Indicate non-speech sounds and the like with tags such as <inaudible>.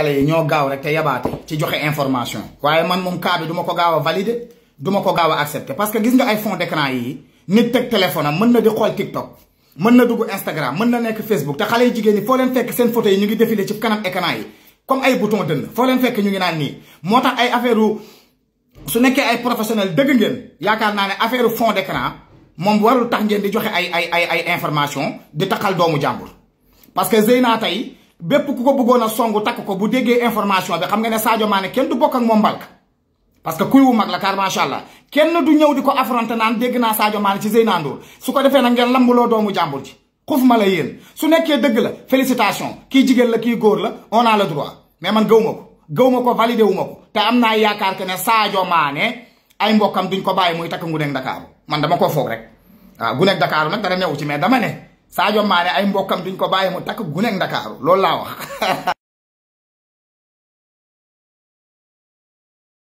ale yi ñoo gaaw rek te yabaate ci joxe information waaye man moom cas bi ko gaaw a valider du ma ko gaaw a accepter parce que gis nga ay fond d'écran yi nit teg téléphone mën na di xool TikTok mën na dugg Instagram mën na nekk Facebook te xale yu jigéen ñi foo leen fekk seen photo yi ñu ngi défilé ci kanam écran comme ay bouton dënn foo leen fekk ñu ngi naan nii moo tax ay affaire su nekkee ay professionnel dëgg ngeen yaakaar naa ne affaire fond d'écran moom warul tax ngeen di joxe ay ay ay ay di taxal doomu jàmbur bépp ku ko bëggoon a songu takk ko bu déggee information bi xam nga ne Sadio Mané kenn du bokk moom mbalk parce que kuy wu mag la car macha allah kenn du ñëw di ko affronter naan dégg naa Sadio Mané ci Zeyna su ko defee nag ngeen lambuloo doomu jàmbur ji xuf ma la yéen su nekkee dëgg la félicitation kii jigéen la kii góor la on a le droit mais man gëw ma ko gëw ma ko validé wu ma ko te am naa yaakaar que ne Sadio Mané ay mbokkam duñ ko bàyyi muy takk ngu nekk Dakar man dama ko foog rek waaw gu nekk Dakar nag dara newu ci mais dama ne. Sadio Mané ay mbokkam duñ ko bàyyi mu takk guneeg Ndakaaru loolu laa wax <laughs>